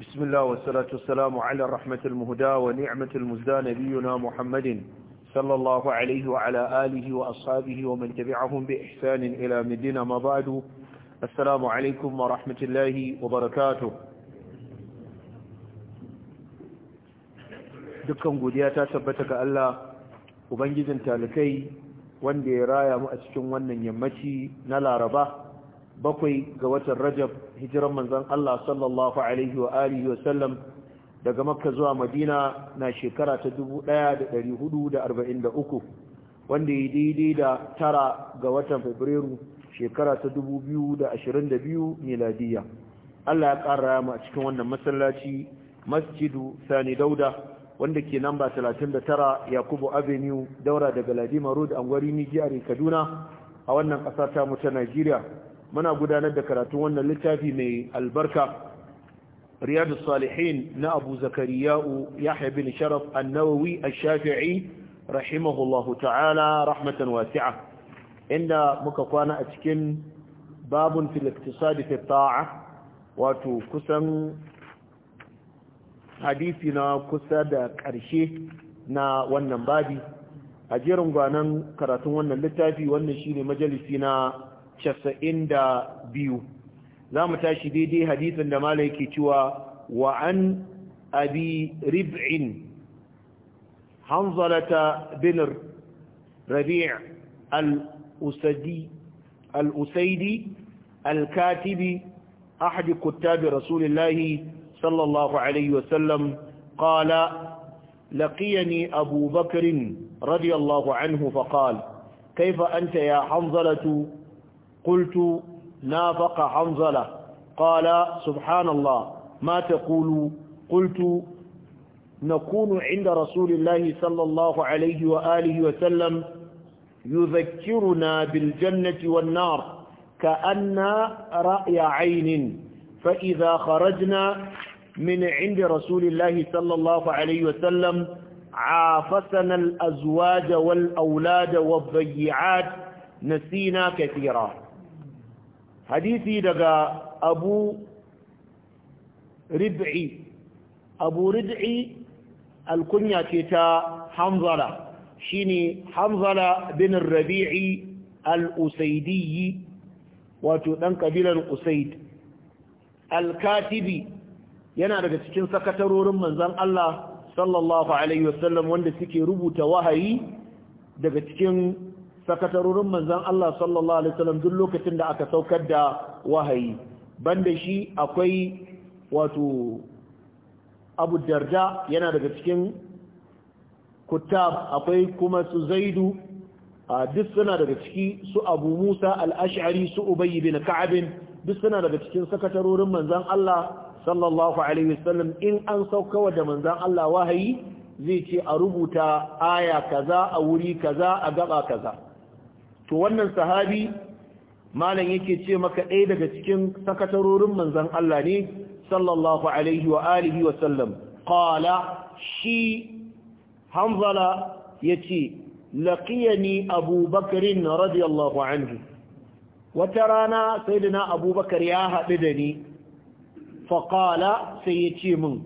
بسم الله والصلاة والسلام على رحمة المهدى ونعمة المزدى نبينا محمد صلى الله عليه وعلى آله وأصحابه ومن تبعهم بإحسان إلى مدينة ما السلام عليكم ورحمة الله وبركاته دكم godiya ta tabbata ga Allah واندي رايا wanda ya يمتي نلا رباه bakwai ga watan rajab hijiran manzan Allah sallallahu alaihi wa alihi wa sallam daga makka zuwa madina na shekara ta 1443 wanda ya daidai da tara ga watan fabrairu shekara ta 2022 miladiya Allah ya ƙara mu a cikin wannan masallaci masjidu sani dauda wanda ke namba 39 yakubu avenue daura daga ladima road angwari nijiyar kaduna a wannan ƙasa ta mu ta najeriya muna gudanar da karatun wannan littafi mai albarka riyadu salihin na abu zakariya'u yahya bin sharaf annawawi a shafii rahimahullahu ta'ala rahmatan wasi'a inda muka kwana a cikin babun fil fita'a wato kusan hadisi na kusa da ƙarshe na wannan babi a jerin gwanan karatun wannan littafi wannan shine majalisi na casa'in da biyu za mu tashi daidai hadisin da maliki ciwa cewa wa an abi rib'in hanzalata bin rabi' al-usadi al-usaidi al-katibi ahadi kuttabi rasulillahi sallallahu alaihi wasallam qala لقيني أبو بكر رضي الله عنه فقال كيف أنت يا قلت نافق حنظلة قال سبحان الله ما تقول قلت نكون عند رسول الله صلى الله عليه وآله وسلم يذكرنا بالجنة والنار كأن رأي عين فإذا خرجنا من عند رسول الله صلى الله عليه وسلم عافسنا الأزواج والأولاد والضيعات نسينا كثيرا hadisi daga abu rib'i abu rib'i alkunya ce ta hamzala shine hamzala bin rabi'i al-usaidiyyi wato ɗan kabilar usaid al yana daga cikin sakatarorin manzon Allah sallallahu alaihi wasallam wanda suke rubuta wahayi daga cikin Sakatarurin manzan Allah sallallahu alaihi wasallam duk lokacin da aka saukar da wahayi banda shi akwai wato Abu Darda yana daga cikin kutab akwai kuma su Zaidu duk suna daga ciki su Abu Musa al-Ash'ari su Ubay bin Ka'ab duk suna daga cikin sakatarurin manzan Allah sallallahu alaihi wasallam in an saukawa da manzan Allah wahayi zai ce a rubuta aya kaza a wuri kaza a gaba kaza to wannan sahabi malam yake ce maka ɗaya daga cikin sakatarorin manzan Allah ne sallallahu alaihi wa alihi wa sallam qala shi hanzala yace laqiyani abubakar radiyallahu anhu wata rana sai na abubakar ya haɗu da ni faƙala sai ya ce min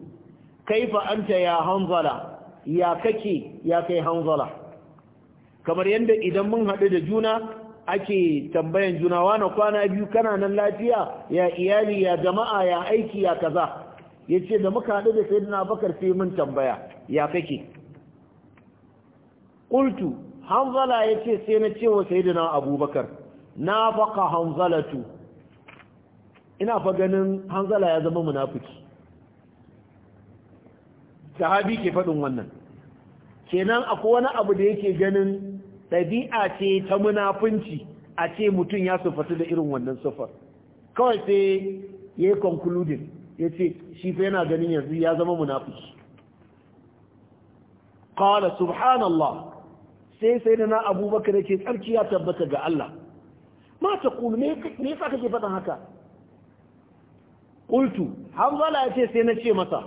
kaifa anta ya hanzala ya kake ya kai hanzala kamar yadda idan mun haɗu da juna ake tambayan juna wana kwana biyu kana nan lafiya ya iyali ya jama'a ya aiki ya kaza ya ce da muka haɗu da na bakar sai mun tambaya ya kake ƙultu hanzala ya ce sai na ce wa na abubakar na baka hanzalatu ina fa ganin hanzala ya zama munafuki sahabi ke faɗin wannan kenan akwai wani abu da yake ganin ɗabi'a ce ta munafunci a ce mutum ya sufatu da irin wannan sufar kawai sai ya yi concluding ya ce shi fa yana ganin yanzu ya zama kawai da subhanallah sai sai na abubakar yake tsarki ya tabbata ga Allah ma taqul me sa kake faɗin haka ƙultu hanzala ce sai na ce masa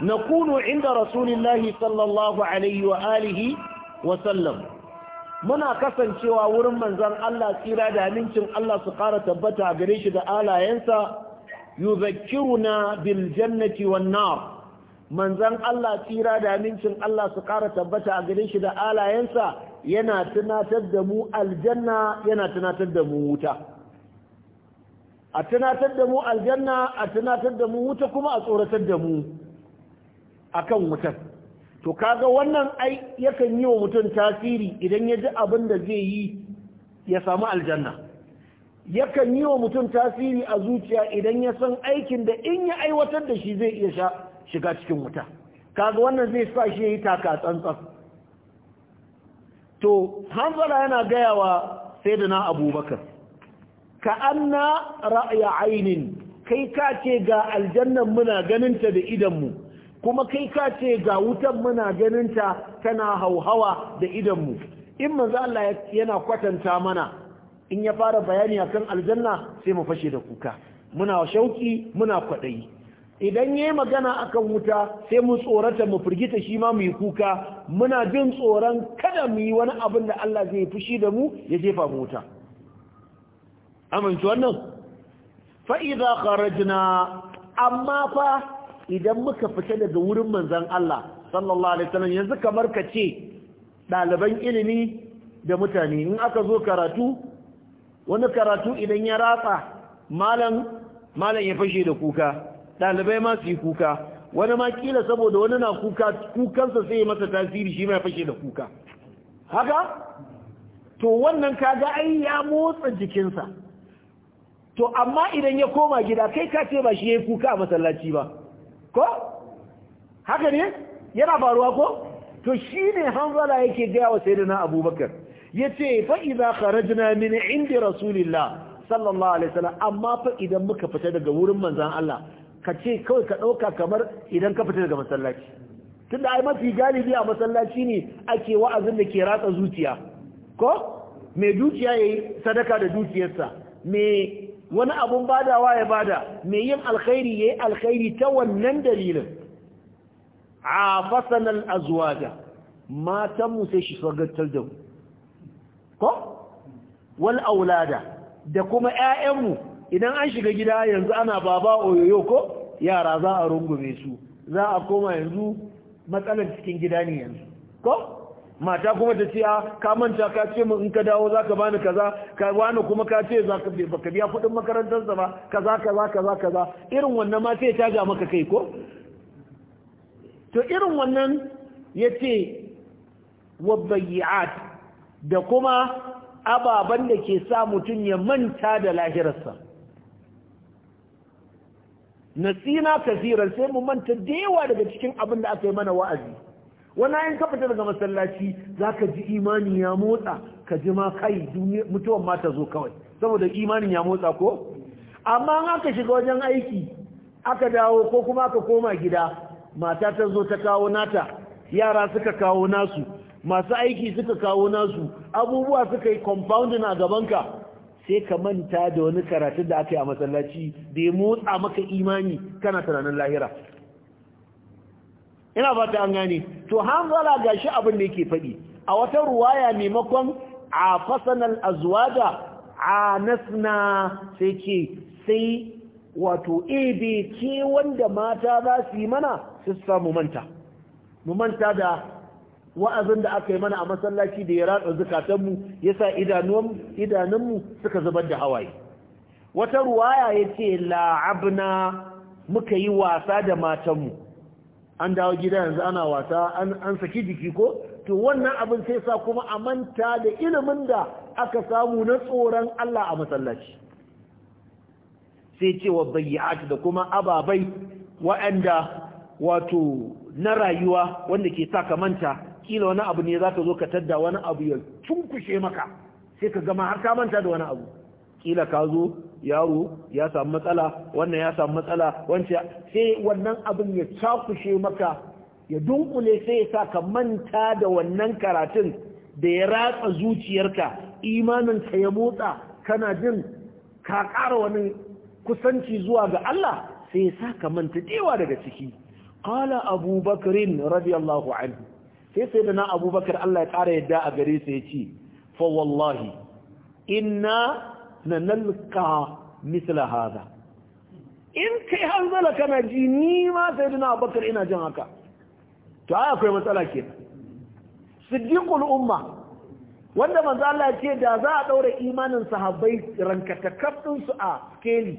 na kunu inda rasulillahi sallallahu alaihi wa alihi wa sallam muna kasancewa wurin manzan Allah tsira da amincin Allah su ƙara tabbata a gare shi da alayensa yuzakkiruna bil jannati wan nar Manzan Allah tsira da amincin Allah su ƙara tabbata a gare shi da alayensa yana tunatar da mu aljanna yana tunatar da mu wuta a tunatar da mu aljanna a tunatar da mu wuta kuma a tsoratar da mu akan wutar to kaga wannan ai yakan yi wa mutum tasiri idan ya ji abin da zai yi ya samu aljanna yakan yi wa mutum tasiri a zuciya idan ya san aikin da in ya aiwatar da shi zai iya sha shiga cikin wuta kaga wannan zai sa shi ya yi taka tsantsan to hanzala yana gaya wa sai da na abubakar ka anna na ainin kai ka ce ga aljannan muna ganin ta da idanmu kuma kai ka ce ga wutan muna ganinta tana hauhawa da idanmu in manzo Allah yana kwatanta mana in ya fara bayani akan aljanna sai mu fashe da kuka muna shauki muna kwadayi idan yayi magana akan wuta sai mu tsorata mu firgita shi ma mu yi kuka muna jin tsoron kada mu yi wani abin da Allah zai fushi da mu ya jefa mu wuta amince wannan fa idza kharajna amma fa idan muka fita daga wurin manzan Allah sallallahu alaihi wasallam yanzu kamar ka ce ɗaliban ilimi da mutane in aka zo karatu wani karatu idan ya ratsa malam malam ya fashe da kuka ɗalibai ma su yi kuka wani ma kila saboda wani na kuka kukansa sai masa tasiri shi ma ya fashe da kuka haka to wannan kaga ai ya motsa jikinsa to amma idan ya koma gida kai ka ce ba shi ya yi kuka a masallaci ba ko haka ne yana faruwa ko to shine hanzala yake gaya wa sayyidina abubakar yace fa idza kharajna min indi rasulillah sallallahu alaihi wasallam amma fa idan muka fita daga wurin manzon Allah ka ce kawai ka dauka kamar idan ka fita daga masallaci tunda ai mafi galibi a masallaci ne ake wa'azin da ke ratsa zuciya ko mai dukiya yayi sadaka da dukiyarsa me. wani abun badawa ya bada mai yin alkhairi yayi alkhairi ta wannan dalilin A al-azwaja matan mu sai shi da mu ko wal aulada da kuma ƴaƴan mu idan an shiga gida yanzu ana baba oyoyo ko yara za a rungume su za a koma yanzu matsalar cikin gida ne yanzu ko mata kuma ta ce ka manta ka ce mu in ka dawo za ka bani kaza ka wani kuma ka ce za ka baka biya kuɗin makarantarsa ba kaza kaza kaza kaza irin wannan ma sai ta ga maka kai ko to irin wannan ya ce wabbayi'at da kuma ababan da ke sa mutum ya manta da lahirarsa na tsina kasirar sai mu manta da yawa daga cikin abin da aka yi mana wa'azi wani ayin ka fita daga masallaci za ka ji imani ya motsa ka ji ma kai mutuwan ma zo kawai saboda imanin ya motsa ko amma an aka shiga wajen aiki aka dawo ko kuma aka koma gida mata ta zo ta kawo nata yara suka kawo nasu masu aiki suka kawo nasu abubuwa suka yi compounding a gabanka sai ka manta da wani karatu da aka yi a masallaci da ya motsa maka imani kana tunanin lahira ina ba ta an gane to hanzala gashi abin da yake faɗi a wata ruwaya maimakon a fasanal azwaja a nasna sai ce sai wato ebe eh, ce wanda mata za su yi mana su samu manta mu manta da wa'azin da aka yi mana a masallaci da ya ratsa zukatanmu ya sa idanunmu suka zubar da hawaye wata ruwaya ya ce la'abna muka yi wasa da matanmu an dawo gida yanzu ana wasa an saki jiki ko to wannan abin sai sa kuma a manta da ilimin da aka samu na tsoron Allah a masallaci sai cewa bayyat da kuma ababai waɗanda wato na rayuwa wanda ke sa ka manta kila wani abu ne za ka zo ka tadda wani abu ya cunkushe maka sai ka gama har ka manta da wani abu kila ka zo yaro ya samu matsala wannan ya samu matsala wancan sai wannan abin ya cakushe maka ya dunkule sai ya sa ka manta da wannan karatun da ya ratsa zuciyarka imaninka ya motsa kana jin ka ƙara wani kusanci zuwa ga Allah sai ya sa ka manta dewa daga ciki qala abubakarin radiyallahu anhu sai sai da na abubakar Allah ya ƙara yadda a gare sa ya ce fa wallahi inna na nalka misla haza in kai hanzala kana ji ni ma sai duna abakar ina jin haka to ai akwai matsala ke siddiqul umma wanda manzo Allah ya ce da za a daura imanin sahabbai ta kaftin su a keli,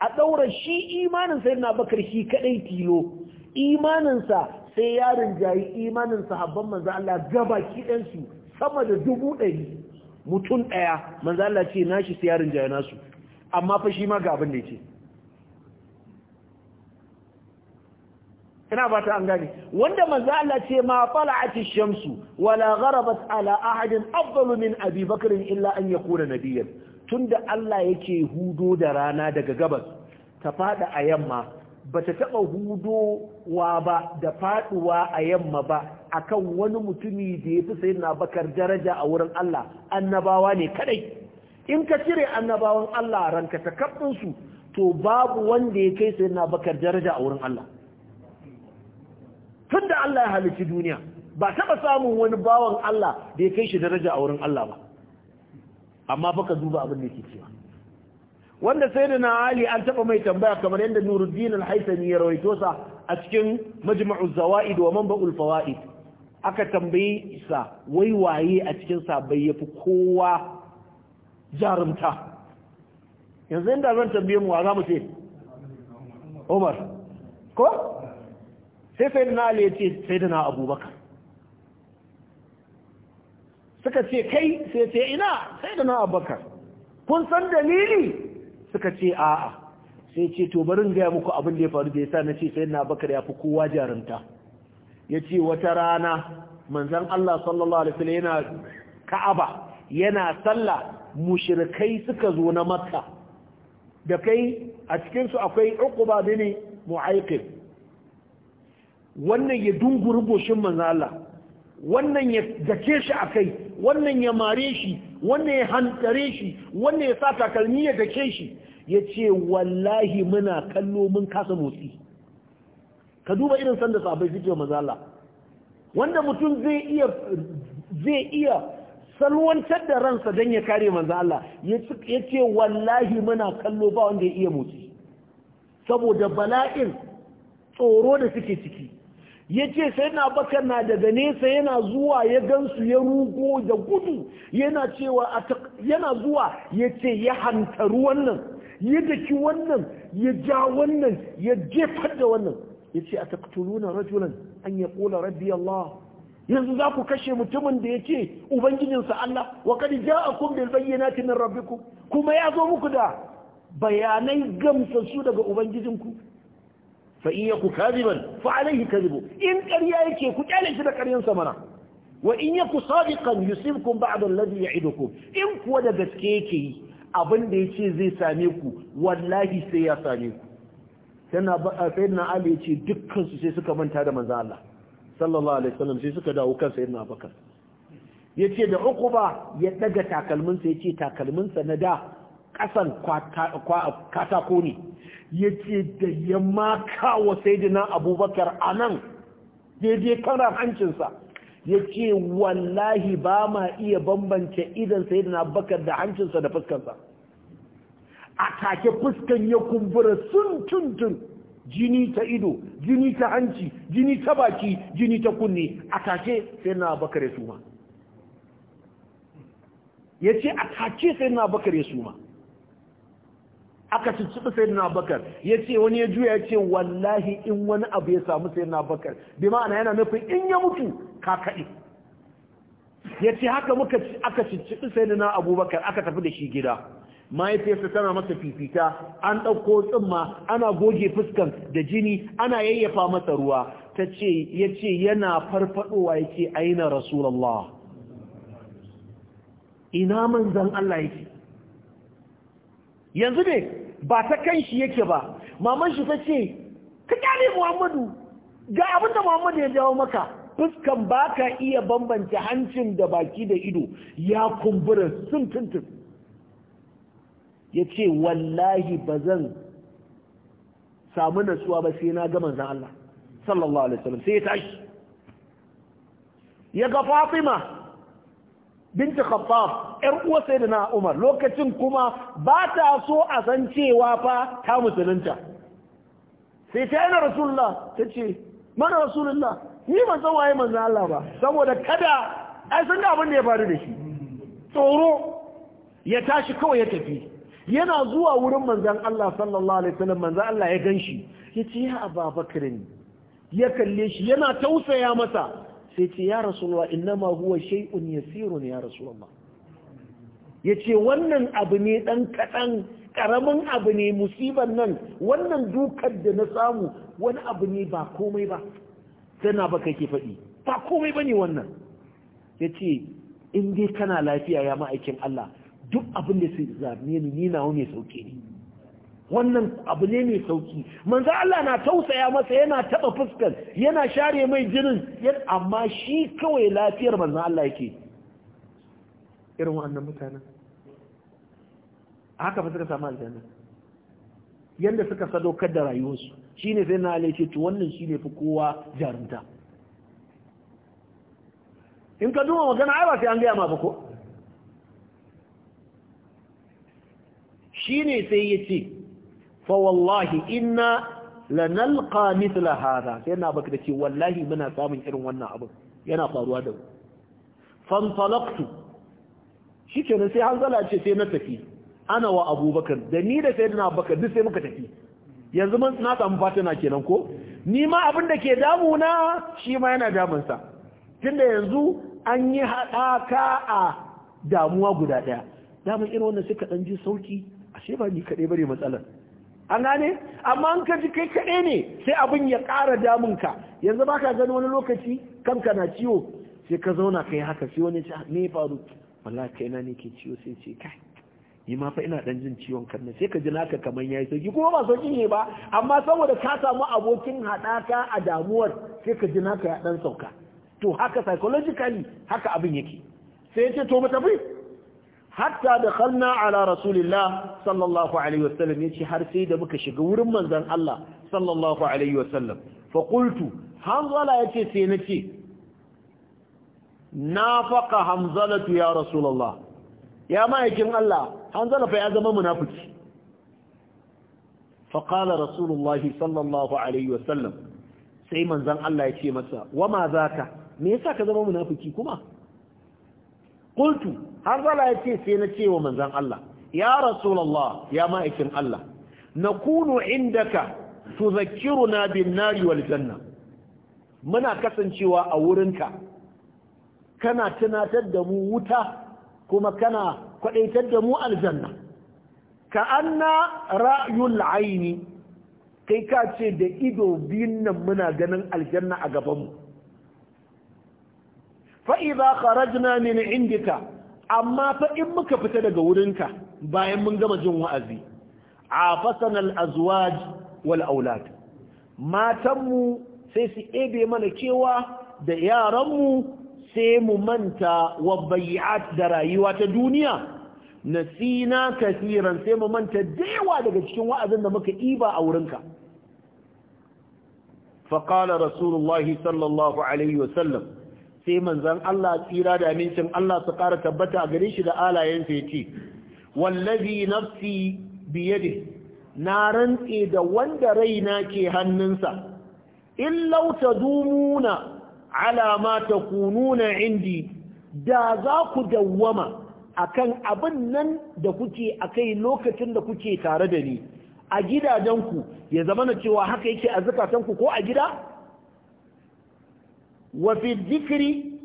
a daura shi imanin sayyidina Abubakar shi kadai tilo imanin sa sai yarin jayi imanin sahabban manzo Allah gaba ɗan su sama da dubu ɗari mutum ɗaya manzo Allah ce nashi shi siyarin jaya nasu amma fa shi ma ga abin da yake ina ba ta an gane wanda manzo Allah ce ma fala'ati shamsu wala gharabat ala ahadin afdalu min abi bakr illa an yakuna nabiyyan tunda Allah yake hudo da rana daga gabas ta fada a yamma Ba bata taɓa hudowa ba da faɗuwa a yamma ba akan wani mutumi da ya fi sayi na bakar daraja a wurin Allah annabawa ne kadai in ka cire annabawan Allah ranka ta kaɗinsu to babu wanda ya kai sayi na bakar daraja a wurin Allah tun da Allah ya halici duniya ba taɓa samun wani bawan Allah da ya kai shi daraja a wurin Allah ba amma baka duba abin da yake cewa wanda sai da na ali an taɓa mai tambaya kamar yadda nuruddin al-haisani ya rawaito sa a cikin majma'u zawaid wa manba'ul fawaid aka tambayi isa wai waye a cikin sa bai yafi kowa jarumta yanzu inda zan tambaye mu wa za mu ce Umar ko sai sai da na ali ya ce sai da na abubakar suka ce kai sai ce ina sai da na abubakar kun san dalili suka ce a'a sai ce to barin gaya muku abin da ya faru da yasa na ce sai na bakar ya fi kowa jarumta ya ce wata rana manzan Allah sallallahu alaihi wasallam yana ka'aba yana sallah mushrikai suka zo na makka da kai a cikin su akwai uquba bin mu'aiqib wannan ya dunguri goshin manzan Allah wannan ya dake shi akai wannan ya mare shi wannan ya hantare shi wannan ya sa takalmi ya dake shi ya ce wallahi muna kallo mun kasa motsi ka duba irin sanda sabai suke mazala wanda mutum zai iya salwantar da ransa don ya kare mazala Allah ya ce wallahi muna kallo ba wanda ya iya motsi saboda bala'in tsoro da suke ciki ya ce sai na bakar na daga nesa yana zuwa ya gansu ya rugo da gudu yana cewa yana zuwa ya ce ya hantaru wannan ya daki wannan ya ja wannan ya jefar da wannan ya ce a taktuluna rajulan an ya kula rabbi Allah yanzu za ku kashe mutumin da ya ce ubangijinsa Allah wa kadi ja'akum bil bayyinati min rabbikum kuma ya zo muku da bayanai su daga ubangijinku fa in yaku kadiban fa alaihi kadibu in ƙarya yake ku kyale shi da sa mana wa in yaku sadiqan yusibkum ba'd alladhi ya'idukum in kuwa da gaske yake yi abin da yace zai same ku wallahi sai ya same ku sanna sayyidina ali yace dukkan su sai suka manta da manzo Allah sallallahu alaihi wasallam sai suka dawo kan sayyidina abubakar yace da uquba ya daga takalminsa yace takalminsa na da kasan katako ne ya ce da ya maka wa saidina abubakar a nan daidai kara hancinsa ya ce wallahi ba ma iya bambance idan saidina abubakar da hancinsa da fuskansa a take fuskan ya kumbura sun tuntun jini ta ido jini ta hanci jini ta baki jini ta kunne a take saidina abubakar ya suma ya ce a take saidina abubakar ya suma aka cicciɓi sai na bakar ya ce wani ya juya ya ce wallahi in wani abu ya samu sai na bakar bi ma'ana yana nufin in ya mutu ka kaɗi ya ce haka muka aka cicciɓi sai na abubakar aka tafi da shi gida mahaifiyarsa tana masa fifita an ɗauko tsumma ana goge fuskan da jini ana yayyafa masa ruwa ta ce ya ce yana farfadowa ya ce aina rasulallah ina manzan Allah yake yanzu ne ba ta kan shi yake ba maman shi ta ce ka kyale muhammadu ga abin da muhammadu ya jawo maka fuskan ba ka iya bambance hancin da baki da ido ya kumbura sun tuntun ya ce wallahi ba zan samu natsuwa ba sai na gama zan Allah sallallahu alaihi wasallam sai ya tashi ya ga fatima binti khattab yar uwa sayyidina umar lokacin kuma ba ta so a san cewa fa ta musulunta sai ta yana rasulullah ta ce mana rasulullah ni ban san waye manzon Allah ba saboda kada ai san abin da ya faru da shi tsoro ya tashi kawai ya tafi yana zuwa wurin manzon Allah sallallahu alaihi wasallam manzon Allah ya ganshi yace ya Abubakar ya kalle shi yana tausaya masa sai ce ya rasuwa innama huwa shay'un yasirun ya rasulullah yace wannan abu ne dan kadan karamin abu ne musiban nan wannan dukar da na samu wani abu ne ba komai ba tana ba kake faɗi ba komai bane wannan yace in dai kana lafiya ya ma'aikin Allah duk abin da sai zame ni ni nawo ne sauke ni wannan abu ne mai sauki manzo Allah na tausaya masa yana taba fuskar yana share mai jinin amma shi kawai lafiyar manzo Allah yake irin wannan mutanen haka ba suka samu aljanna yanda suka sadaukar da rayuwarsu shine sai na alai ce to wannan shine fi kowa jarumta in ka duba magana ai ba sai an gaya ma ba ko shine sai ya ce fa wallahi inna lanalqa mithla hadha sai na baka dace wallahi muna samun irin wannan abu yana faruwa da mu fantalaqtu shikenan sai hanzala ce sai na tafi ana wa abubakar da ni da sayyidina abubakar duk sai muka tafi yanzu mun na samu fatana kenan ko ni ma abin da ke damuna shi ma yana damunsa tunda yanzu an yi haɗaka a damuwa guda ɗaya Damun irin wannan suka dan ji sauki ashe ba ni kaɗai bare matsalar an gane amma an ka ji kai kaɗai ne sai abin ya ƙara damunka yanzu ba ka gani wani lokaci kanka na ciwo sai ka zauna kai haka sai wani ce ne ah, faru wala kai na ne ke ciwo sai ce kai ni ma fa ina dan jin ciwon kan sai ka ji naka kamar yayi sauki kuma ba sauki ne ba amma saboda ka samu abokin hadaka a damuwar sai ka ji naka ya dan sauka to haka psychologically haka abin yake sai ya ce to mu tafi hatta da khalna ala rasulillah sallallahu alaihi wasallam yace har sai da muka shiga wurin manzon Allah sallallahu alaihi wasallam fa qultu hamzala yace sai nace nafaqa hamzalatu ya rasulullah ya ma'aikin Allah hamzala fa ya zama munafiki fa qala rasulullah sallallahu alaihi wasallam sai manzon Allah yace masa wama zaka me yasa ka zama munafiki kuma qultu hanzala yace sai na cewa wa manzon Allah ya rasulullah ya ma'aikin Allah Na nakunu indaka tuzakkiruna bin nari wal janna muna kasancewa a wurinka kana tunatar da mu wuta kuma kana kwadaitar da mu aljanna ka anna ra'yul aini kai ka ce da ido biyun nan muna ganin aljanna a gabanmu fa'iza kharajna min indika amma fa in muka fita daga wurinka bayan mun gama jin wa'azi a al-azwaj wal matanmu sai su ebe mana kewa da yaranmu sai mu manta wa bai'at da rayuwa ta duniya nasina kasiran sai mu manta yawa daga cikin wa'azin da muka ɗiba a wurinka فقال رسول الله صلى الله عليه وسلم sai manzan Allah tsira da amincin Allah su ƙara tabbata a gare shi da alayensa ya ce wallazi nafsi biyade na rantse da wanda raina ke hannunsa in lauta dumuna alama ta kununa indi da za ku dawwama akan abin nan da kuke a kai lokacin da kuke tare da ni a gidajenku ya zama na cewa haka yake a zukatanku ko a gida wa fi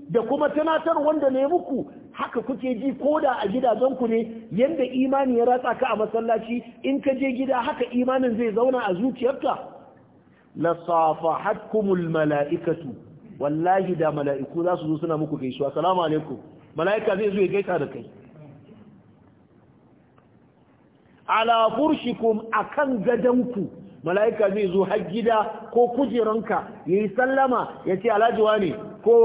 da kuma tunatar wanda ne muku haka kuke ji koda a gidajen ku ne yanda imani ya ratsa ka a masallaci in ka je gida haka imanin zai zauna a zuciyarka la safahatkumul malaikatu wallahi da mala'iku za su zo suna muku gaisuwa assalamu alaikum mala'ika zai zo ya gaisa da kai ala furshikum akan gadanku mala'ika zai zo har gida ko kujeranka ya yi sallama ya ce alhaji ne ko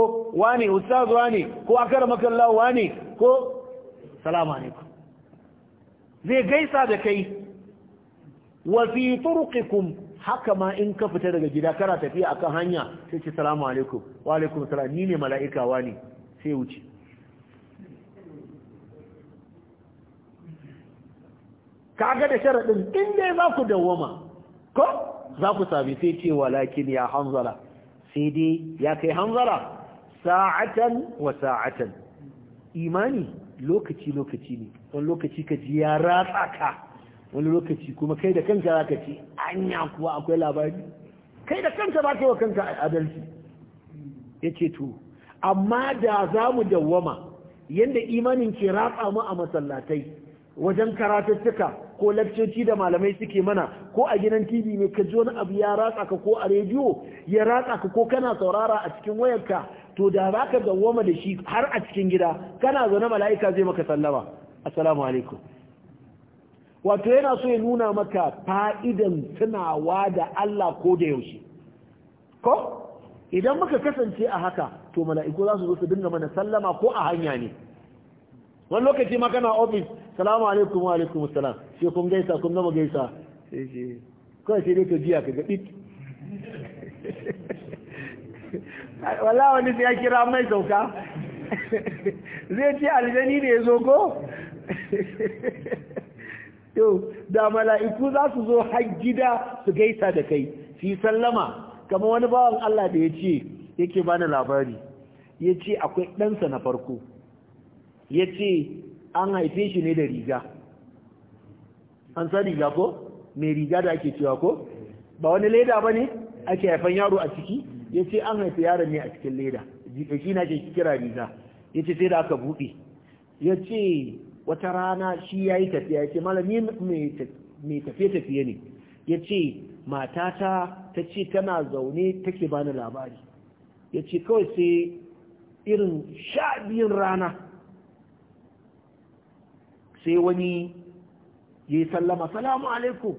ne ustaz ne ko akara makallawa ne ko salamu alaikum zai gaisa da kai wasi fi haka ma in ka fita daga gida kara tafiya akan hanya sai ce salamu alaikum wa alaikum salam ni ne mala'ika ne sai wuce kaga da sharaɗin in dai ba ku dawwama ko za ku sami sai ce walakin ya hanzara. sai dai ya kai hanzara. sa'atan wa sa'atan imani lokaci lokaci ne wani lokaci ka ji ya ratsa ka wani lokaci kuma kai da kanka za ka ce anya kuwa akwai labari kai da kanka ba ka wa kanka adalci ya ce to amma da za mu dawwama yadda imanin ke ratsa mu a masallatai wajen karatattuka ko lakcoci da malamai suke mana ko a gidan tv ne ka ji wani abu ya ratsa ka ko a rediyo ya ratsa ka ko kana saurara a cikin wayarka to da za ka da shi har a cikin gida kana zaune mala'ika zai maka sallama assalamu alaikum wato yana so ya nuna maka fa'idan tunawa da Allah ko da yaushe ko idan muka kasance a haka to mala'iku za su zo su dinga mana sallama ko a hanya ne wani lokaci ma kana ofis salamu alaikum wa alaikum salam shi kun gaisa kun gama gaisa kawai sai dai to jiya ka gaɗi. wala wani sai ya kira mai sauka zai ce aljani ne ya zo ko yau da mala'iku za su zo har gida su gaisa da kai su yi sallama kama wani bawan Allah da ya ce yake bani labari ya ce akwai ɗansa na farko ya ce an haife shi ne da riga an sa riga ko mai riga da ake cewa ko ba wani leda ba ne ake haifan yaro a ciki ya ce an haifi yaron ne a cikin leda shi na ke kira riga ya ce sai da aka buɗe ya ce wata rana shi ya yi tafiya ya ce malami mai tafiye-tafiye ne ya ce matata ta ce tana zaune take bani labari ya ce kawai sai irin sha biyun rana sai wani ya yi sallama salamu alaikum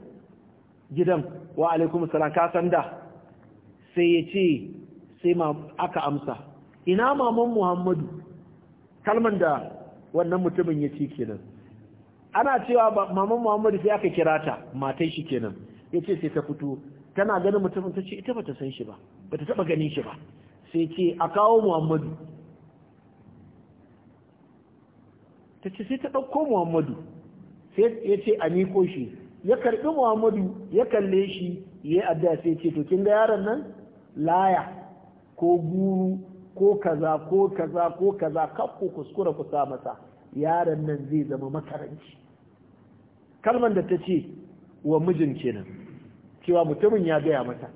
gidan wa alaikum salam ka san da sai ya ce sai aka amsa ina maman muhammadu kalman da wannan mutumin ya ce kenan ana cewa maman muhammadu sai aka kira ta matai shi kenan ya ce sai ta fito tana ganin mutumin ta ce ita ba ta san shi ba ta taba ganin shi ba sai ce a kawo muhammadu ta ce sai ta ɗauko muhammadu sai ya ce a miko shi ya karɓi muhammadu ya kalle shi ya yi addu'a sai ce to kin ga yaron nan laya ko guru ko kaza ko kaza ko kaza kaf ko kuskura ku sa masa yaron nan zai zama makaranci kalman da ta ce wa mijin kenan cewa mutumin ya gaya mata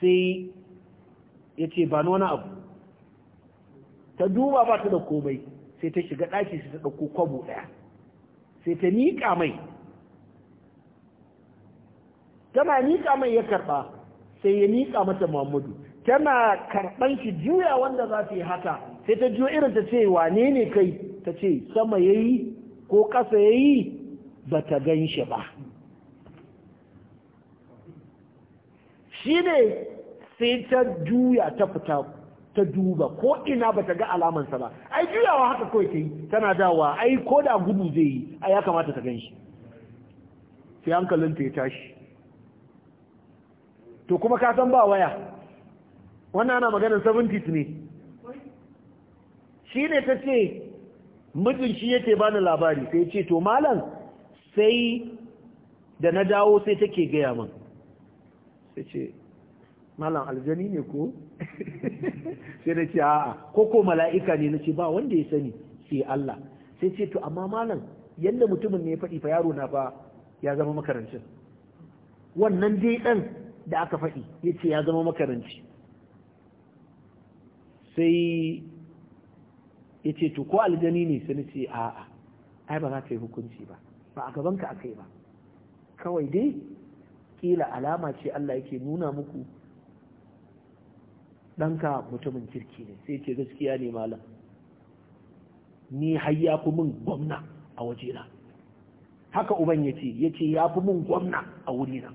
sai ya ce ba wani abu ta duba ba ta da komai sai ta shiga ɗaki sai ta ɗauko kwabo ɗaya sai ta niƙa mai tana niƙa mai ya karɓa sai ya niƙa mata muhammadu tana karɓan shi juya wanda za ta yi haka sai ta juya irin ta ce wane ne kai ta ce sama ya yi ko ƙasa ya yi ba ta gan shi ba shi ne sai ta juya ta fita ta duba ko ina ba ta ga alamansa ba ai juyawa haka kawai ta yi tana dawa ai ko da gudu zai yi ai ya kamata ta ganshi sai hankalin ta ya tashi to kuma ka san ba waya wannan ana maganar 70s ne shi ne ta ce mijin shi yake bani labari sai ce to malam sai da na dawo sai take gaya min sai ce malam aljani ne ko sai na ce a'a ko ko mala'ika ne na ce ba wanda ya sani sai Allah sai ce to amma malam yadda mutumin ne ya faɗi fa yaro na fa ya zama makarancin wannan dai ɗan da aka faɗi ya ce ya zama makaranci sai ya ce to ko algani ne sai na ce a'a ai ba za ka yi hukunci ba ba a gabanka aka yi ba kawai dai kila alama ce Allah yake nuna muku ɗanka mutumin kirki ne sai ce gaskiya ne malam ni hayya ya fi min gwamna a wajena haka uban ya ce ya ce ya fi min gwamna a wurina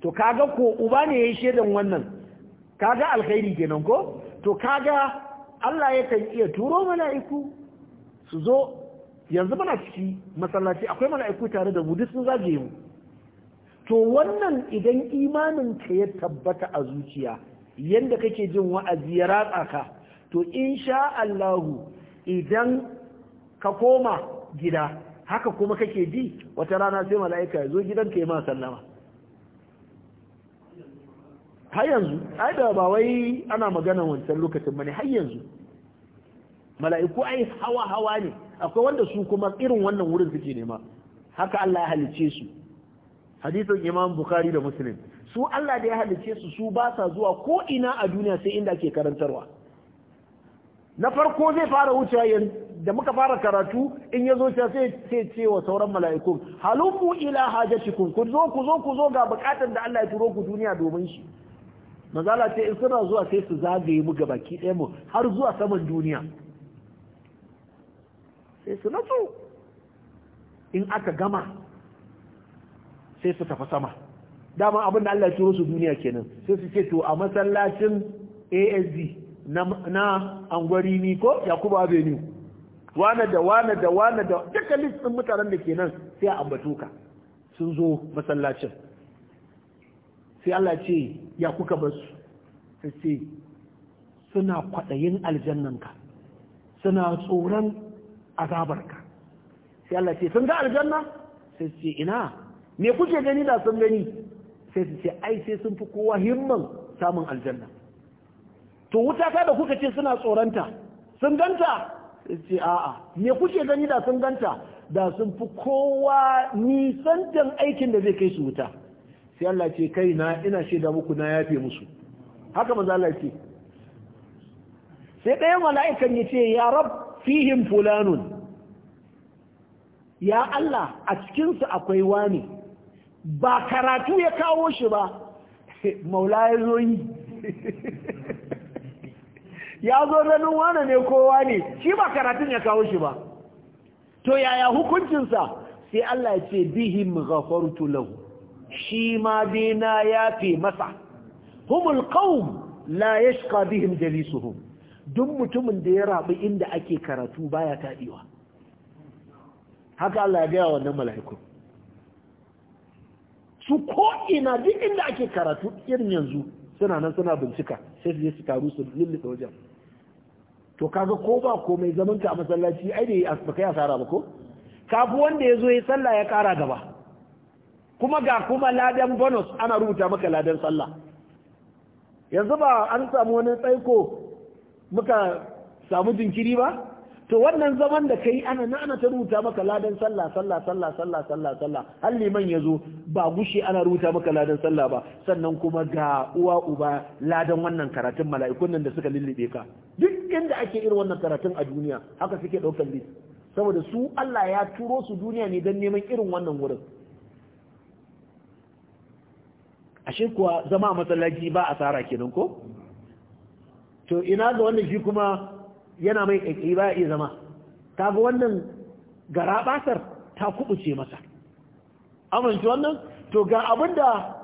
to kaga ko uba ne ya yi shaidan wannan kaga alkhairi kenan ko to kaga Allah Ya kan iya turo mala'iku su zo yanzu muna ciki masallaci akwai mala'iku tare da mu duk sun zagaye mu to wannan idan imanin ka ya tabbata a zuciya yadda kake jin wa'azi ya ratsa ka to insha Allahu idan ka koma gida haka kuma kake ji wata rana sai mala'ika ya zo ka ya ma sallama har yanzu ai da ba wai ana magana wancan lokacin bane har yanzu mala'iku ai hawa hawa ne akwai wanda su kuma irin wannan wurin suke nema haka Allah ya halice su hadisin imam bukhari da muslim su Allah da ya halice su su ba sa zuwa ko ina a duniya sai inda ke karantarwa na farko zai fara wuce wucewa da muka fara karatu in ya zo sai sai ce wa sauran mala'iku halummu ila hajatikum ku zo ku zo ku zo ga bukatar da Allah ya turo ku duniya domin shi mazala ce in suna zuwa sai su zagaye mu gabaki ɗaya mu har zuwa saman duniya sai su natsu in aka gama sai su tafi sama dama abin da Allah ya turo su duniya kenan sai su ce to a masallacin ASD na angwari ni ko Yakubu Avenue wane da wane da wane da duka listin mutanen da kenan sai a ambato ka sun zo masallacin sai Allah ce ya kuka bar su sai ce suna kwaɗayin aljannanka suna tsoron azabarka sai Allah ce sun ga aljanna sai ce ina me kuke gani da sun gani sai su ce ai sai sun fi kowa himman samun aljanna to wuta ta da kuka ce suna tsoronta sun ganta sai ce a'a me kuke gani da sun ganta da sun fi kowa nisantan aikin da zai kai su wuta sai Allah ce kai na ina shaida muku na yafe musu haka maza Allah ce sai ɗaya mala'ikan ya ce ya rab fihim fulanun ya Allah a cikinsu akwai wani ba karatu ya kawo shi ba maula ya zo yi ya zo ganin wane ne kowa ne shi ba karatun ya kawo shi ba to yaya hukuncinsa sai Allah ya ce bihim ghafartu lahu shi ma dai ya yafe masa humul qaum la yashqa bihim jalisuhum duk mutumin da ya rabu inda ake karatu baya taɗiwa haka Allah ya ga wannan mala'iku su ko ina duk inda ake karatu irin yanzu suna nan suna bincika sai su je su taru su lullube wajen to kaga ko ba komai zaman ka a masallaci ai da ba kai asara ba ko Kafu wanda ya zo ya sallah ya kara gaba kuma ga kuma ladan bonus ana rubuta maka ladan sallah yanzu ba an samu wani tsaiko muka samu jinkiri ba to wannan zaman da kai ana na ta ruta maka ladan sallah sallah sallah sallah sallah sallah har liman ya zo ba gushi ana ruta maka ladan sallah ba sannan kuma ga uwa uba ladan wannan karatun mala'ikun nan da suka lullube ka duk inda ake irin wannan karatun a duniya haka suke daukar bi saboda su Allah ya turo su duniya ne dan neman irin wannan wurin ashe kuwa zama a masallaci ba asara kenan ko to ina ga wannan shi kuma yana mai ƙaƙi ba ya zama ta ga wannan gara ɓasar ta kuɓuce masa amince wannan to ga abin da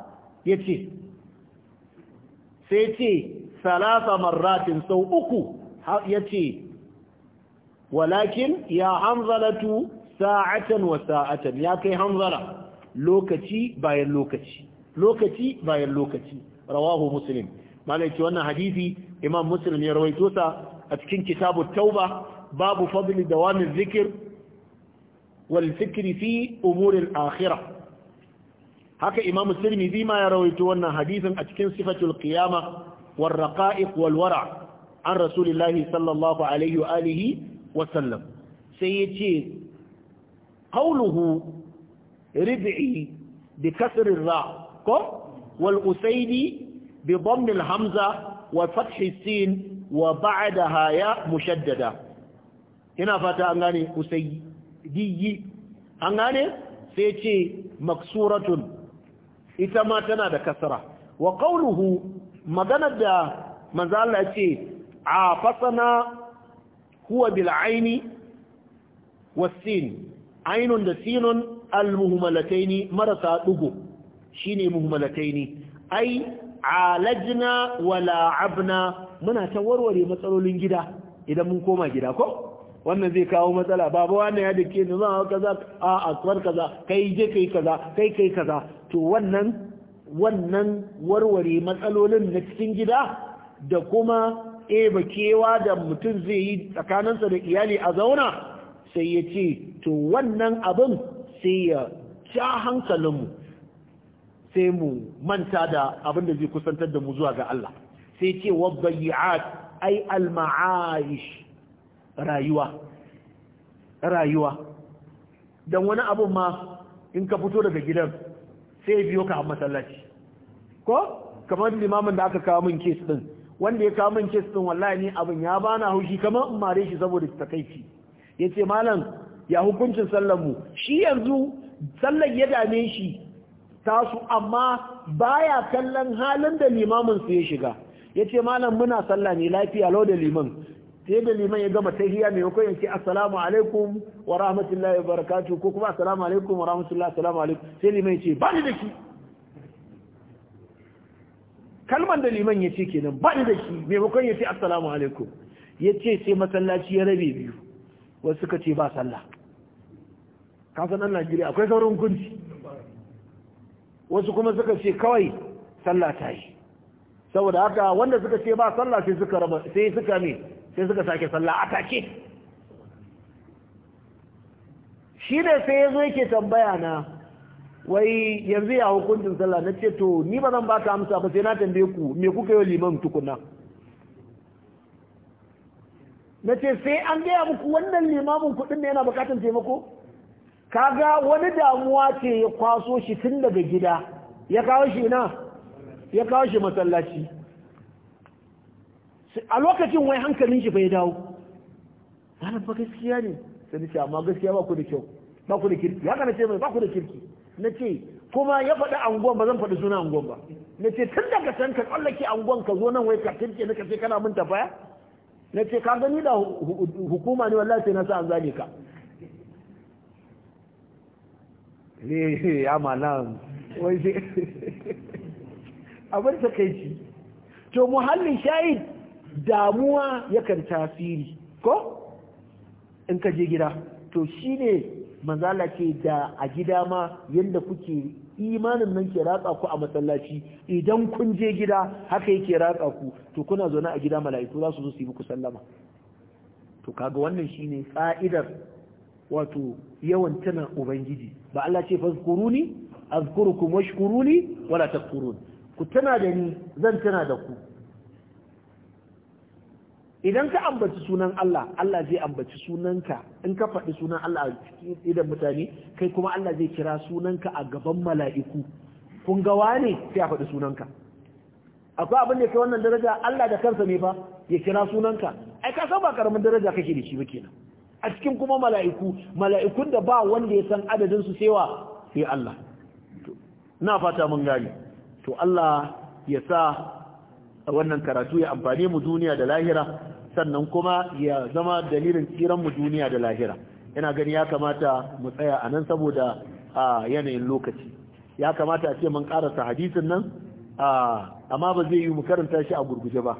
ya ce sai ce salasa marratin sau uku ya ce walakin ya hanzalatu sa'atan wa sa'atan ya kai hanzala lokaci bayan lokaci lokaci bayan lokaci rawahu muslim malaki wannan hadisi imam muslim ya rawaito sa a cikin kitabu tauba babu fadli dawamin zikir wal fikri fi umurin akhira. haka imam tirmidhi ma ya rawaito wannan hadisin a cikin sifatul qiyama war raqa'iq wal wara' an rasulillahi sallallahu alaihi wa alihi wa sallam sai yace qawluhu rib'i bi kasr ra ko wal usaydi bi dhamm al-hamza wa fath sin wa haya ya mushaddada ina fata an gane usayyi an gane sai ce maksuratun ita ma tana da kasra wa qawluhu maganar da manzo Allah ce a fasana huwa bil aini was sin ainun da sinun al muhmalataini marasa dugo shine muhmalataini ai alajna wa abna muna ta warware matsalolin gida idan mun koma gida ko wannan zai kawo matsala babu wannan ya dake ni za kaza a akwar kaza kai je kai kaza kai kai kaza to wannan wannan warware matsalolin na cikin gida da kuma eba kewa da mutum zai yi tsakaninsa da iyali a zauna sai ya ce to wannan abin sai ya ja hankalinmu sai mu manta da abin da zai kusantar da mu zuwa ga Allah sai ce waddayi'at ai al-ma'aish rayuwa rayuwa dan wani abun ma in ka fito daga gidan sai biyo ka a masallaci ko kamar limamin da aka kawo min kes din wanda ya kawo min kes din wallahi ni abin ya bana haushi kamar in mare shi saboda takaici yace malam ya hukuncin sallar mu shi yanzu sallar ya dame shi tasu amma baya kallon halin da limamin su ya shiga yace malam muna sallah ne lafiya lau da liman sai da liman ya gama tahiyya mai hukun yake assalamu alaikum wa rahmatullahi wa barakatuh ko kuma assalamu alaikum wa rahmatullahi assalamu alaikum sai liman yace ba ni da ki kalman da liman yace kenan ba ni da ki mai ya yace assalamu alaikum yace sai masallaci ya rabe biyu wasu suka ce ba sallah ka san nan Najeriya akwai sauran hukunci wasu kuma suka ce kawai sallah ta yi saboda haka wanda suka ce ba sallah sai suka raba sai suka ne sai suka sake sallah a take shi ne sai ya zo yake tambaya na wai yanzu ya hukuncin sallah na ce to ni ba zan ba ka amsa ba sai na tambaye ku me kuka yi liman tukuna na ce sai an gaya muku wannan limamin kuɗin ne yana bukatan taimako kaga wani damuwa ce ya kwaso shi tun daga gida ya kawo shi na ya kawo shi masallaci a lokacin wai hankalin shi bai dawo ana ba gaskiya ne sai ce amma gaskiya ba ku da kyau ba ku da kirki haka na ce mai ba ku da kirki na ce kuma ya faɗi anguwan ba zan faɗi suna anguwan ba na ce tun daga can ka tsallake anguwan ka zo nan wai ka kirki na ka ce kana mun tafaya na ce ka gani da hukuma ne wallahi sai na sa an zage ka ne ya malam takaici to muhallin shahid damuwa yakan tasiri ko in ka je gida to shi ne manzala ce da a gida ma yadda kuke imanin nan ke ratsa ku a masallaci idan kun je gida haka yake ratsa ku to kuna zaune a gida mala'iku za su zo su yi muku sallama to kaga wannan shine ƙa'idar wato yawan tana ubangiji ba Allah ce fazkuruni azkurukum washkuruni wala takfurun ku tana da ni zan tana da ku idan ka ambaci sunan Allah Allah zai ambaci sunanka in ka faɗi sunan Allah a cikin idan mutane kai kuma Allah zai kira sunanka a gaban mala'iku kun ga wane sai a faɗi sunanka akwai abin da kai wannan daraja Allah da kansa ne ba ya kira sunanka ai ka san ba karamin daraja kake da shi ba kenan a cikin kuma mala'iku mala'ikun da ba wanda ya san adadin su sewa sai Allah na fata mun gani. to Allah ya sa wannan karatu ya amfane mu duniya da lahira sannan kuma ya zama dalilin tsiran mu duniya da lahira ina gani ya kamata mu tsaya a nan saboda yanayin lokaci ya kamata a ce mun karasa hadisin nan amma ba zai yi mu karanta shi a gurguje ba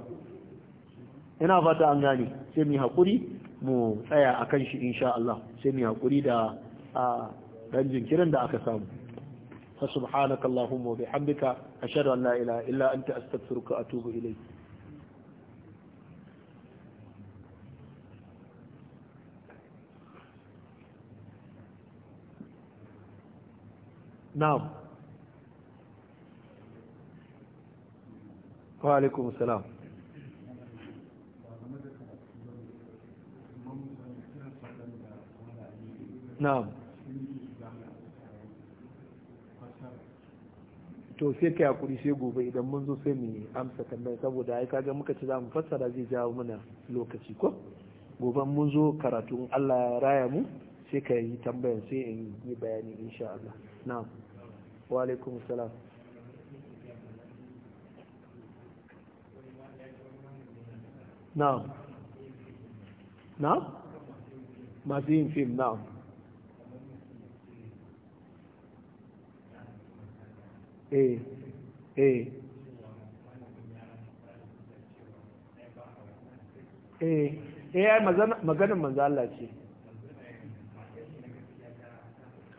ina fata an gani, sai mu haƙuri mu tsaya a kan shi insha Allah sai mu haƙuri da dan jinkirin da aka samu fa subhanaka allahumma wa bihamdika ashhadu an la ilaha illa anta astaghfiruka wa atubu ilayk na'am wa alaikum salam نعم to sai kai hakuri sai gobe idan mun zo sai mu amsa tambayar saboda ai kaga muka ci zamu fassara zai jawo mana lokaci ko gobe mun zo karatu Allah ya raya mu sai ka yi tambayar sai in yi bayani insha Allah na'am wa alaikum salam na'am na'am masu yin fim na'am Eh, eh eh eh ai maganin manzo Allah ce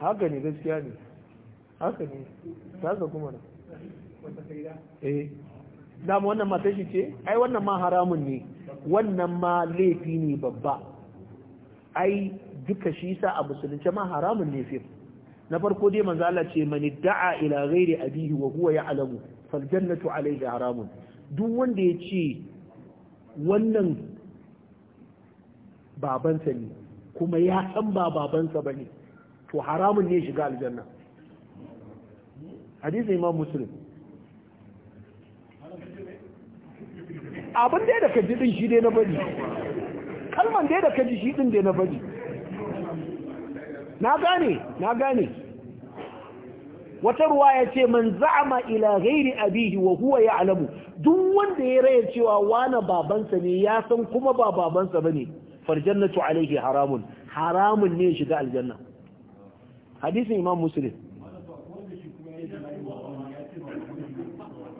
haka ne gaskiya ne haka ne haka kuma ne eh dama wannan mata shi ce ai wannan ma haramun ne wannan ma laifi ne babba ai duka shi sa a musulunci ma haramun ne fiye. na farko dai manzo Allah ce man da'a ila ghairi abihi wa huwa ya'lamu fal jannatu alayhi haramun duk wanda ya ce wannan babansa ne kuma ya san ba babansa bane to haramun ne shiga aljanna hadisi imam muslim abin da da kaji din shi dai na bari kalman da da kaji shi din dai na bari na gane na gane wata ruwa ya ce man za'ama ila ghairi abihi wa huwa ya'lamu duk wanda ya raya cewa wani babansa ne ya san kuma ba babansa bane farjannatu alayhi haramun haramun ne shiga aljanna hadisin imam muslim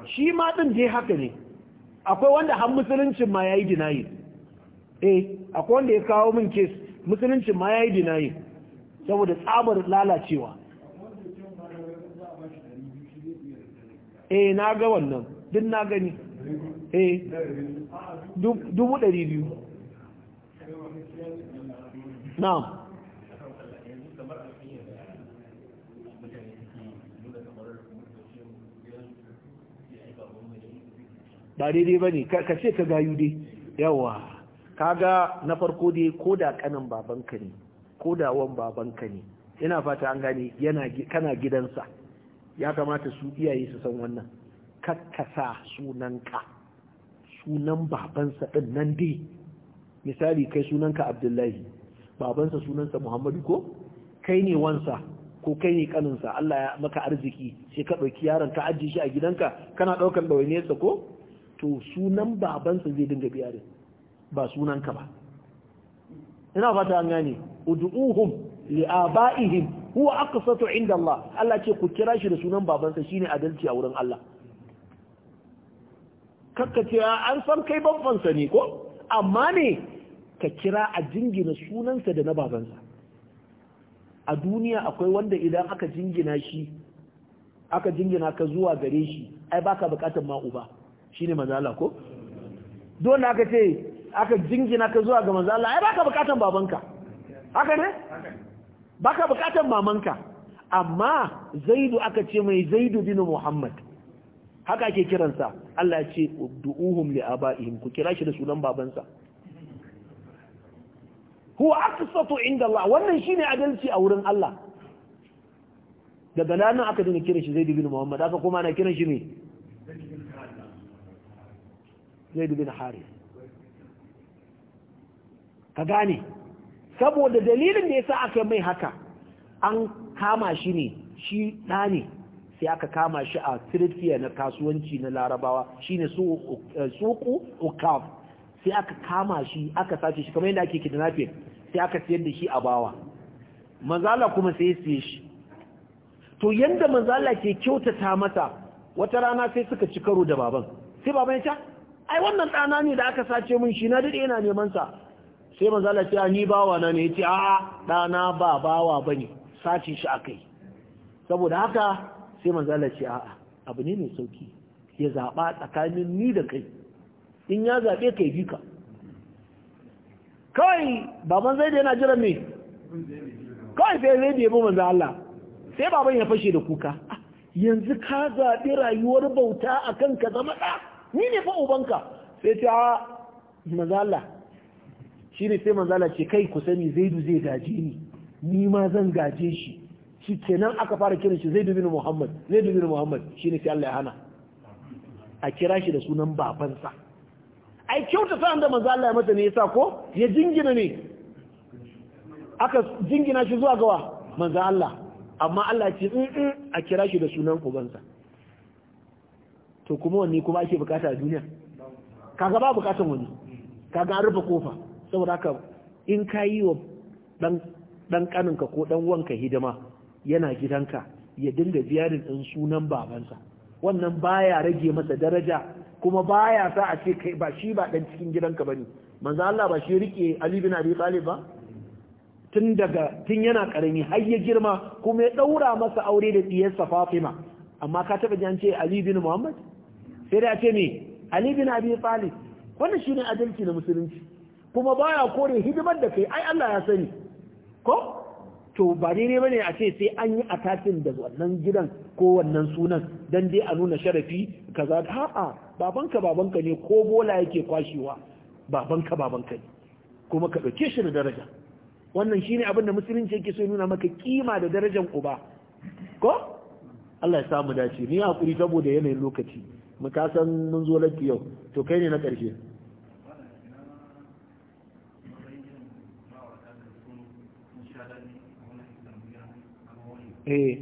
shi ma din dai haka ne akwai wanda har musuluncin ma yayi dinayi eh akwai wanda ya kawo min kes musuluncin ma yayi dinayi saboda tsabar lalacewa eh na ga wannan duk na gani eh dubu ɗari biyu na ba daidai ba ne ka ce ka gayu dai yawa Ka ga na farko dai ko da kanan babanka ne ko da wan babanka ne ina fata an gane yana kana gidansa ya kamata su iyaye su san wannan kakkasa sunanka sunan babansa din nan dai misali kai sunanka abdullahi babansa sunansa muhammadu ko kai ne wansa ko kai ne kaninsa Allah ya maka arziki sai ka ɗauki yaron ka ajiye shi a gidanka kana ɗaukar ɗawainiyarsa ko to sunan babansa zai dinga biya ba sunanka ba ina fata an gane ud'uhum li'aba'ihim huwa aqsatu inda Allah Allah ce ku kira shi da sunan babansa shine adalci a wurin Allah kakka ce an san kai babbansa ne ko amma ne ka kira a jingina sunansa da na babansa a duniya akwai wanda idan aka jingina shi aka jingina ka zuwa gare shi ai baka bukatun ma uba shine manzo ko don haka ce aka jingina ka zuwa ga manzo Allah ai baka bukatan babanka haka ne baka bukatan mamanka amma zaidu aka ce mai zaidu bin muhammad haka ake kiransa Allah ya ce du'uhum li abaihim ku kira shi da sunan babansa huwa aqsatu inda Allah wannan shine adalci a wurin Allah daga nan aka dinga kiran shi zaidu bin muhammad aka kuma ana kiran shi ne zaidu bin harith ka gane saboda dalilin da ya sa aka mai haka an kama shi ne shi ɗa ne sai aka kama shi a tirfiya na kasuwanci na larabawa shi ne suku ukaf sai aka kama shi aka sace shi kamar yadda ake kidnapping sai aka siyar da shi a bawa manzala kuma sai siye shi to yadda manzala ke kyautata masa wata rana sai suka ci karo da baban sai baban ya ce ai wannan ɗana ne da aka sace min shi na daɗe yana neman sa sai manzala ce ni bawa na ne ya ce a'a ɗana ba bawa bane ne sace shi a kai saboda haka sai manzala ce a'a abu ne mai sauki ya zaɓa tsakanin ni da kai in ya zaɓe kai bi ka kawai baban zai da yana jiran me kawai sai zai da yabo Allah sai baban ya fashe da kuka ah, yanzu ka zaɓi rayuwar bauta a kan ka zama ɗa ni ne fa ubanka sai ta manzan Allah shine sai manzala ce kai ku sani zaidu zai gaje ni ni ma zan gaje shi shi kenan aka fara kiran shi zaidu bin muhammad zaidu bin muhammad shine sai Allah ya hana a kira shi da sunan babansa ai kyauta sa'an da manzo Allah ya mata ne yasa ko ya jingina ne aka jingina shi zuwa gawa manzo Allah amma Allah ce in mm, mm, a kira shi da sunan ubansa to kuma wanne kuma ake bukata a duniya kaga ba bukatan wani kaga an rufe kofa saboda haka in ka yi wa ɗan ƙaninka ko ɗan wanka hidima yana gidanka ya dinga ziyarar ɗin sunan babansa wannan baya rage masa daraja kuma baya sa a ce kai ba shi ba ɗan cikin gidanka ba ne manzo Allah ba shi rike Ali bin Abi Talib ba tun daga tun yana karami har ya girma kuma ya ɗaura masa aure da diyarsa Fatima amma ka taba ji ce Ali bin Muhammad sai da ce ne Ali bin Abi Talib wannan shine adalci na musulunci kuma baya kore hidimar da kai ai Allah ya sani ko to ba ne bane a ce sai an yi attacking da wannan gidan ko wannan sunan dan dai a nuna sharafi kaza a'a babanka babanka ne ko bola yake kwashewa babanka babanka ne kuma ka dauke shi da daraja wannan shine abin da musulunci yake so nuna maka kima da darajar uba ko Allah ya samu dace ni hakuri saboda yanayin lokaci mu ka san mun zo lafiya to kai ne na karshe eh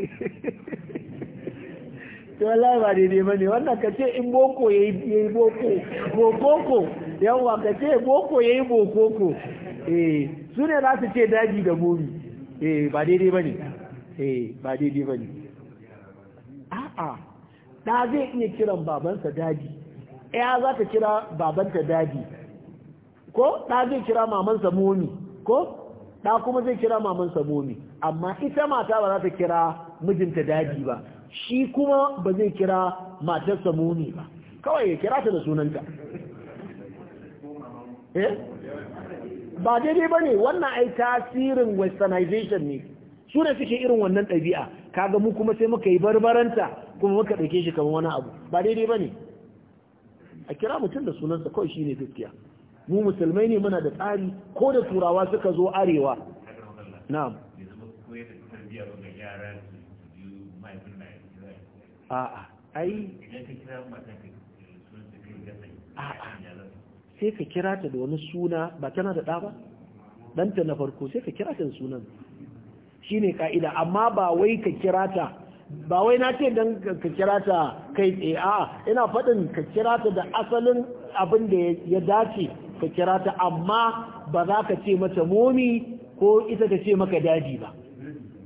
to wallahi ba daidai bane wannan ka ce in boko yayi boko bokoko yawa ka ce boko yayi bokoko eh su ne za su ce daji da gomi eh ba daidai bane eh ba daidai bane a'a da zai iya kiran babansa daji ya za ta kira babanta daji ko da zai kira mamansa momi ko da kuma zai kira maman momi amma ita mata ba za ta kira mijinta daji ba shi kuma ba zai kira matar sabomi ba kawai ya kira ta da sunanta eh? ba daidai ba ne wannan ai tasirin westernization ne su da suke irin wannan ɗabi'a kaga mu kuma sai muka yi barbaranta kuma muka ɗauke shi kamar wani abu ba daidai ba ne a kira mutum da sunansa kawai shi ne gaskiya mu musulmai ne muna da tsari ko da turawa suka zo arewa na'am a'a ai sai ka kira ta da wani suna ba tana da ɗa ba ɗanta na farko sai ka kira ta da sunan shi ne ka'ida amma ba wai ka kira ta ba wai na ce don ka kira ta kai tsaye a ina faɗin ka kira ta da asalin abin da ya dace ka kira ta amma ba za ka ce mata momi ko ita ta ce maka daji ba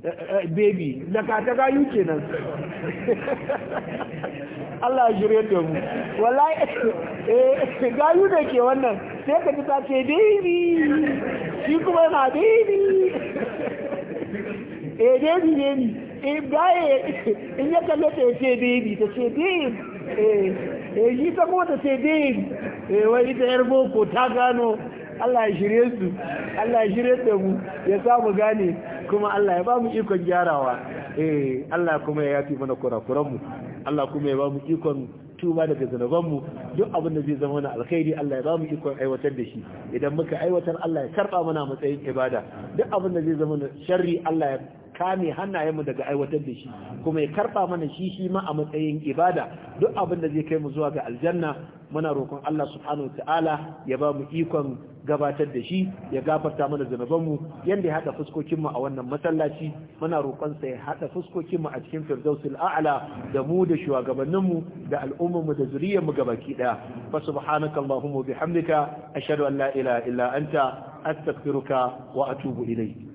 eh, eh, baby da ka ta gayu nan Allah jure da mu wallahi eh gayu da ke wannan sai ka ji ta ce baby shi kuma na baby eh baby baby eh gaye in ya kalle ta ce baby ta ce baby eh eh yi ta mota ce baby eh wai ita yar boko ta gano Allah ya shirye su Allah ya shirye da mu ya samu gane kuma Allah ya ba mu ikon gyarawa eh Allah kuma ya yafi mana kurakuran mu Allah kuma ya ba mu ikon tuba daga zanuban mu duk abin da zai zama na alkhairi Allah ya ba mu ikon aiwatar da shi idan muka aiwatar Allah ya karba mana matsayin ibada duk abin da zai zama na sharri Allah ya kame hannayenmu daga aiwatar da shi kuma ya karba mana shi shi ma a matsayin ibada duk abin da zai kai mu zuwa ga aljanna muna roƙon Allah subhanahu ta'ala ya ba mu ikon gabatar da shi ya gafarta mana zunubanmu yanda ya hada fuskokin mu a wannan masallaci muna roƙon sa ya hada fuskokin mu a cikin firdausul a'la da mu da shugabannin mu da al'ummar mu da zuriyar mu gabaki daya fa subhanaka allahumma bihamdika ashhadu an la ilaha illa anta astaghfiruka wa atubu ilayk